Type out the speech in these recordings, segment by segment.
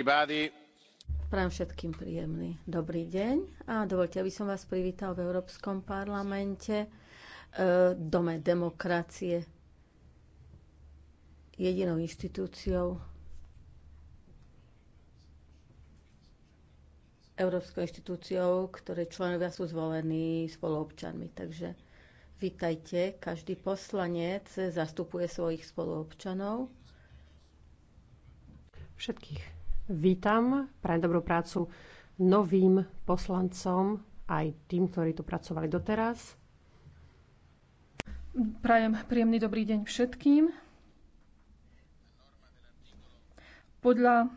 Prajem všetkým príjemný dobrý deň a dovolte, aby som vás privítal v Európskom parlamente, e, dome demokracie, jedinou inštitúciou, Európskou inštitúciou, ktoré členovia sú zvolení spoluobčanmi. Takže vítajte, každý poslanec zastupuje svojich spoluobčanov. Všetkých Vítam, prajem dobrú prácu novým poslancom, aj tým, ktorí tu pracovali doteraz. Prajem príjemný dobrý deň všetkým. Podľa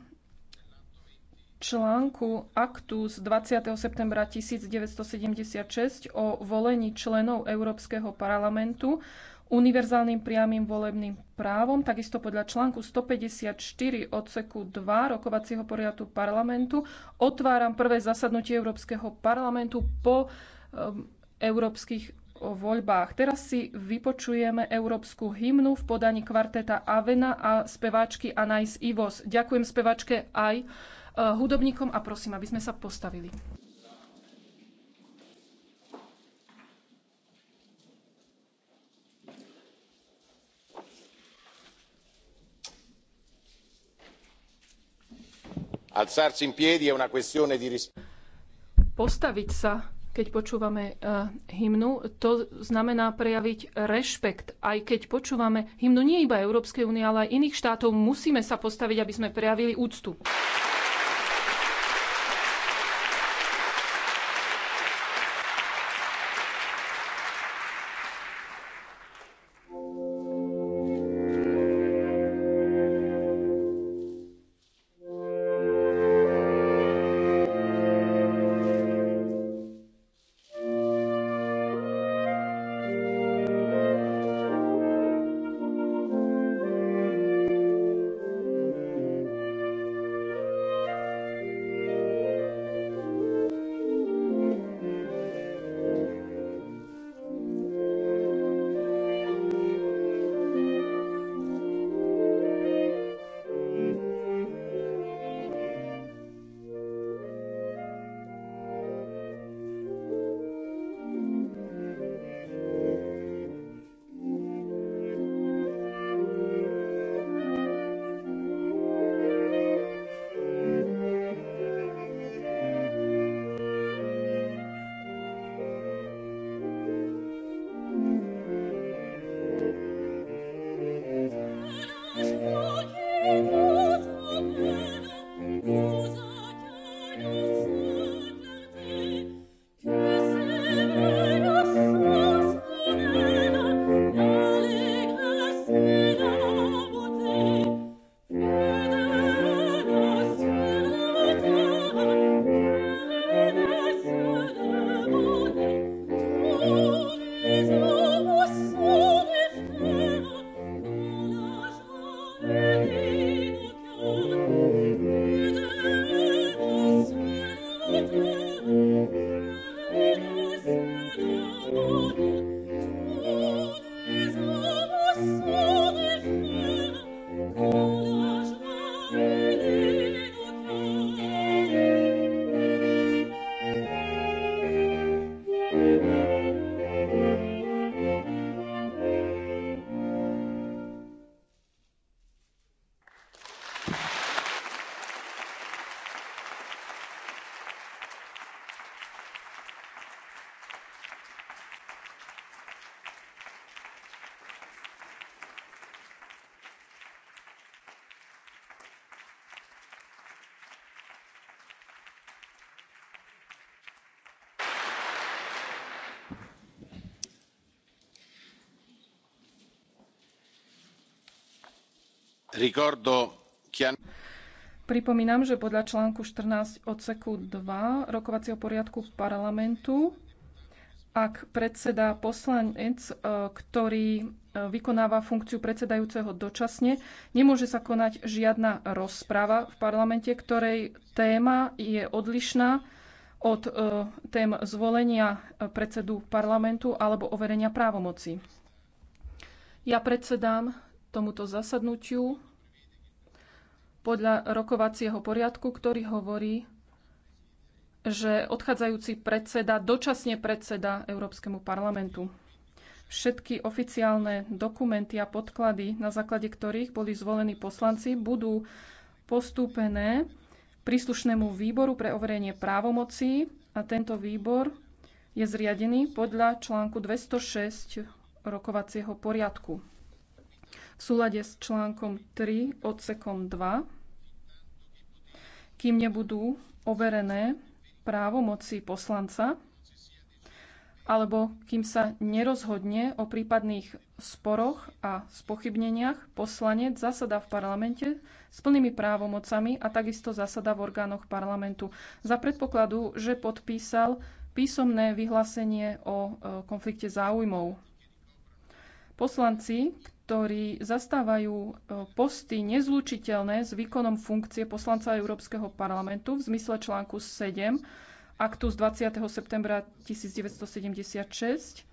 článku aktu z 20. septembra 1976 o volení členov Európskeho parlamentu univerzálnym priamým volebným právom, takisto podľa článku 154 odseku 2 rokovacieho poriadu parlamentu otváram prvé zasadnutie Európskeho parlamentu po um, európskych voľbách. Teraz si vypočujeme európsku hymnu v podaní kvarteta Avena a speváčky Anais Ivos. Ďakujem speváčke aj eh, hudobníkom a prosím, aby sme sa postavili. Alzarsi in piedi è una questione di Postaviť sa, keď počúvame uh, hymnu, to znamená prejaviť rešpekt. Aj keď počúvame hymnu nie iba Európskej únie, ale aj iných štátov, musíme sa postaviť, aby sme prejavili úctu. Pripomínam, že podľa článku 14 odseku 2 rokovacieho poriadku parlamentu, ak predseda poslanec, e, ktorý e, vykonáva funkciu predsedajúceho dočasne, nemôže sa konať žiadna rozprava v parlamente, ktorej téma je odlišná od e, tém zvolenia predsedu parlamentu alebo overenia právomoci. Ja predsedám tomuto zasadnutiu podľa rokovacieho poriadku, ktorý hovorí, že odchádzajúci predseda dočasne predseda Európskemu parlamentu. Všetky oficiálne dokumenty a podklady, na základe ktorých boli zvolení poslanci, budú postúpené príslušnému výboru pre overenie právomocí a tento výbor je zriadený podľa článku 206 rokovacieho poriadku v súlade s článkom 3 odsekom 2, kým nebudú overené právomoci poslanca alebo kým sa nerozhodne o prípadných sporoch a spochybneniach, poslanec zasada v parlamente s plnými právomocami a takisto zasada v orgánoch parlamentu za predpokladu, že podpísal písomné vyhlásenie o e, konflikte záujmov. Poslanci, ktorí zastávajú e, posty nezlučiteľné s výkonom funkcie poslanca Európskeho parlamentu v zmysle článku 7 aktu z 20. septembra 1976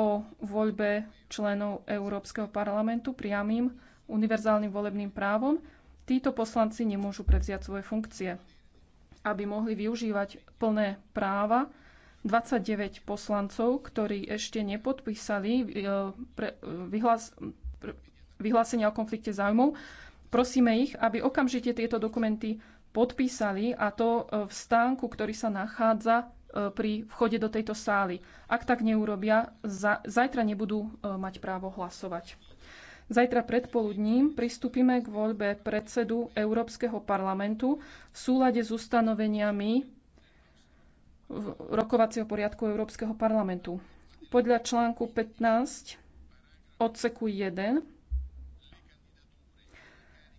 o voľbe členov Európskeho parlamentu priamým univerzálnym volebným právom, títo poslanci nemôžu prevziať svoje funkcie. Aby mohli využívať plné práva, 29 poslancov, ktorí ešte nepodpísali e, e, vyhlásenia o konflikte záujmov. Prosíme ich, aby okamžite tieto dokumenty podpísali a to e, v stánku, ktorý sa nachádza pri vchode do tejto sály. Ak tak neurobia, zajtra nebudú mať právo hlasovať. Zajtra predpoludním pristúpime k voľbe predsedu Európskeho parlamentu v súlade s ustanoveniami rokovacieho poriadku Európskeho parlamentu. Podľa článku 15 odseku 1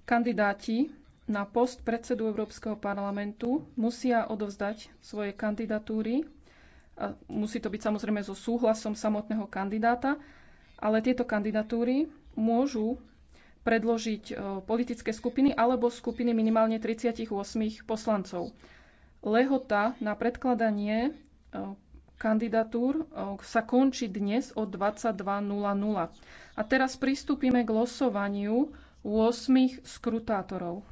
kandidáti na post predsedu Európskeho parlamentu musia odovzdať svoje kandidatúry. A musí to byť samozrejme so súhlasom samotného kandidáta, ale tieto kandidatúry môžu predložiť e, politické skupiny alebo skupiny minimálne 38 poslancov. Lehota na predkladanie e, kandidatúr e, sa končí dnes o 22.00. A teraz pristúpime k losovaniu 8 skrutátorov.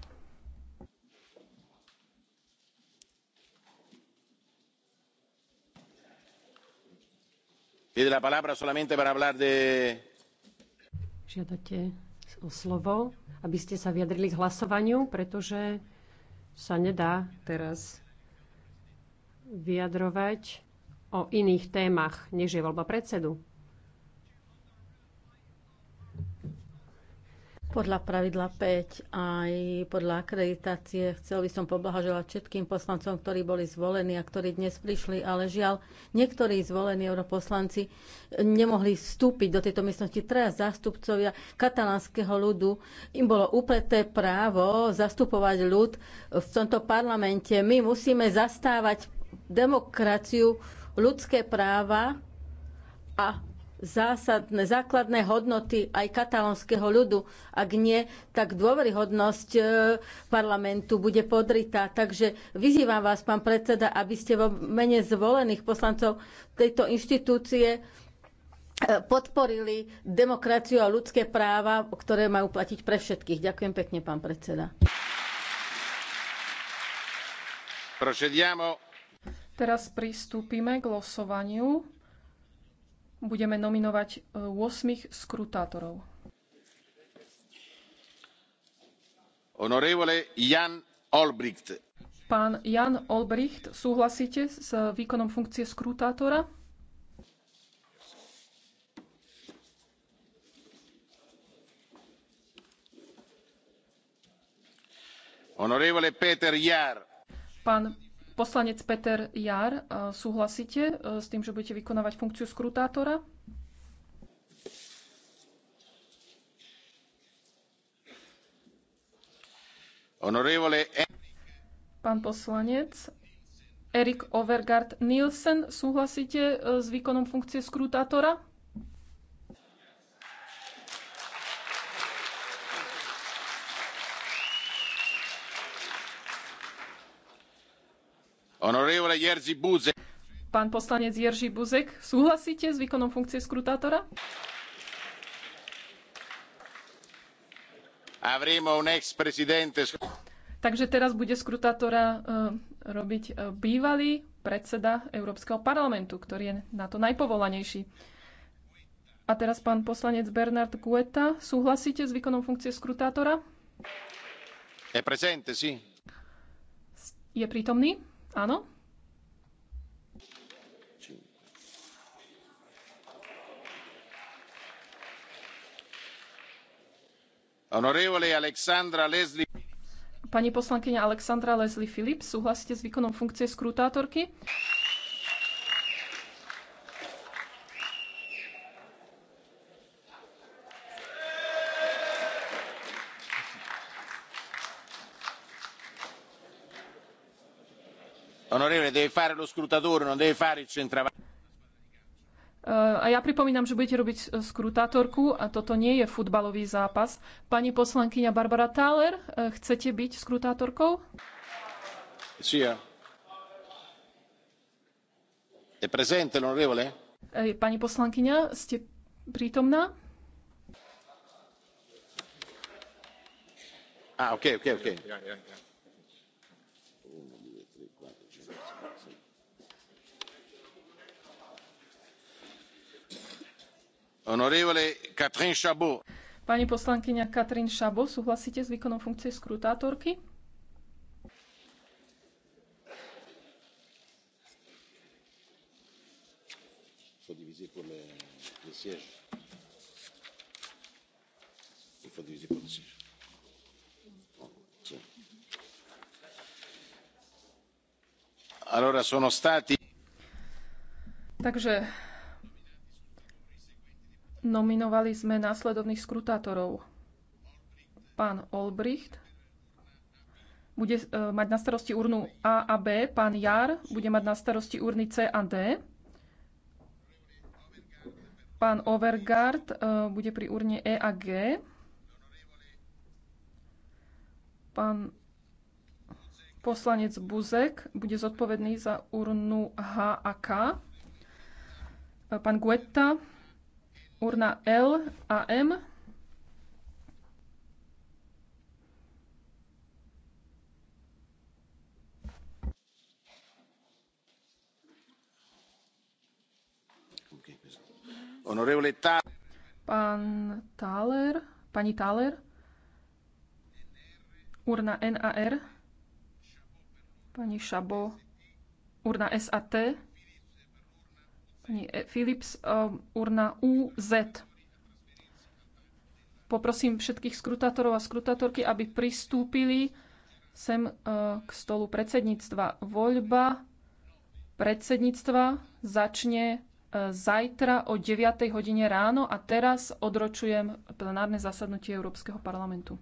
Žiadate o slovo, aby ste sa vyjadrili k hlasovaniu, pretože sa nedá teraz vyjadrovať o iných témach, než je voľba predsedu. Podľa pravidla 5 aj podľa akreditácie chcel by som poblahoželať všetkým poslancom, ktorí boli zvolení a ktorí dnes prišli, ale žiaľ, niektorí zvolení europoslanci nemohli vstúpiť do tejto miestnosti. Treja zástupcovia katalánskeho ľudu im bolo upleté právo zastupovať ľud v tomto parlamente. My musíme zastávať demokraciu, ľudské práva a zásadné, základné hodnoty aj katalonského ľudu. Ak nie, tak dôveryhodnosť e, parlamentu bude podritá. Takže vyzývam vás, pán predseda, aby ste vo mene zvolených poslancov tejto inštitúcie e, podporili demokraciu a ľudské práva, ktoré majú platiť pre všetkých. Ďakujem pekne, pán predseda. Procediamo Teraz pristúpime k losovaniu. Budeme nominovať 8 e, skrutátorov. Honorevole Jan Olbricht. Pán Jan Olbricht, súhlasíte s výkonom funkcie skrutátora? Honorevole Peter Jar. Pán Poslanec Peter Jar, e, súhlasíte e, s tým, že budete vykonávať funkciu skrutátora? E- Pán poslanec Erik Overgard Nielsen, súhlasíte s výkonom funkcie skrutátora? Pán poslanec Jerzy Buzek, súhlasíte s výkonom funkcie skrutátora? Takže teraz bude skrutátora e, robiť e, bývalý predseda Európskeho parlamentu, ktorý je na to najpovolanejší. A teraz pán poslanec Bernard Guetta, súhlasíte s výkonom funkcie skrutátora? Je prítomný? Áno? Pani poslankyňa Alexandra Leslie Phillips. súhlasíte s výkonom funkcie skrutátorky? deve fare lo scrutatore, non deve fare il centravanti. Eh, a ja pripomínam, že budete robiť eh, skrutátorku a toto nie je futbalový zápas. Pani poslankyňa Barbara Thaler, eh, chcete byť skrutátorkou? Sia. Je presente, l'onorevole? Pani poslankyňa, ste prítomná? Ah, ok, ok, ok. Yeah, yeah, yeah. Pani poslankyňa Katrin Šabo, súhlasíte s výkonom funkcie skrutátorky? Takže nominovali sme následovných skrutátorov. Pán Olbricht bude e, mať na starosti urnu A a B, pán Jar bude mať na starosti urny C a D, pán Overgard e, bude pri urne E a G, pán Poslanec Buzek bude zodpovedný za urnu H a K. Pán Guetta, urna L a M. Pán Thaler, pani Thaler, urna NAR pani Šabo, urna SAT, pani e- Philips, um, urna UZ. Poprosím všetkých skrutátorov a skrutátorky, aby pristúpili sem uh, k stolu predsedníctva. Voľba predsedníctva začne uh, zajtra o 9. hodine ráno a teraz odročujem plenárne zasadnutie Európskeho parlamentu.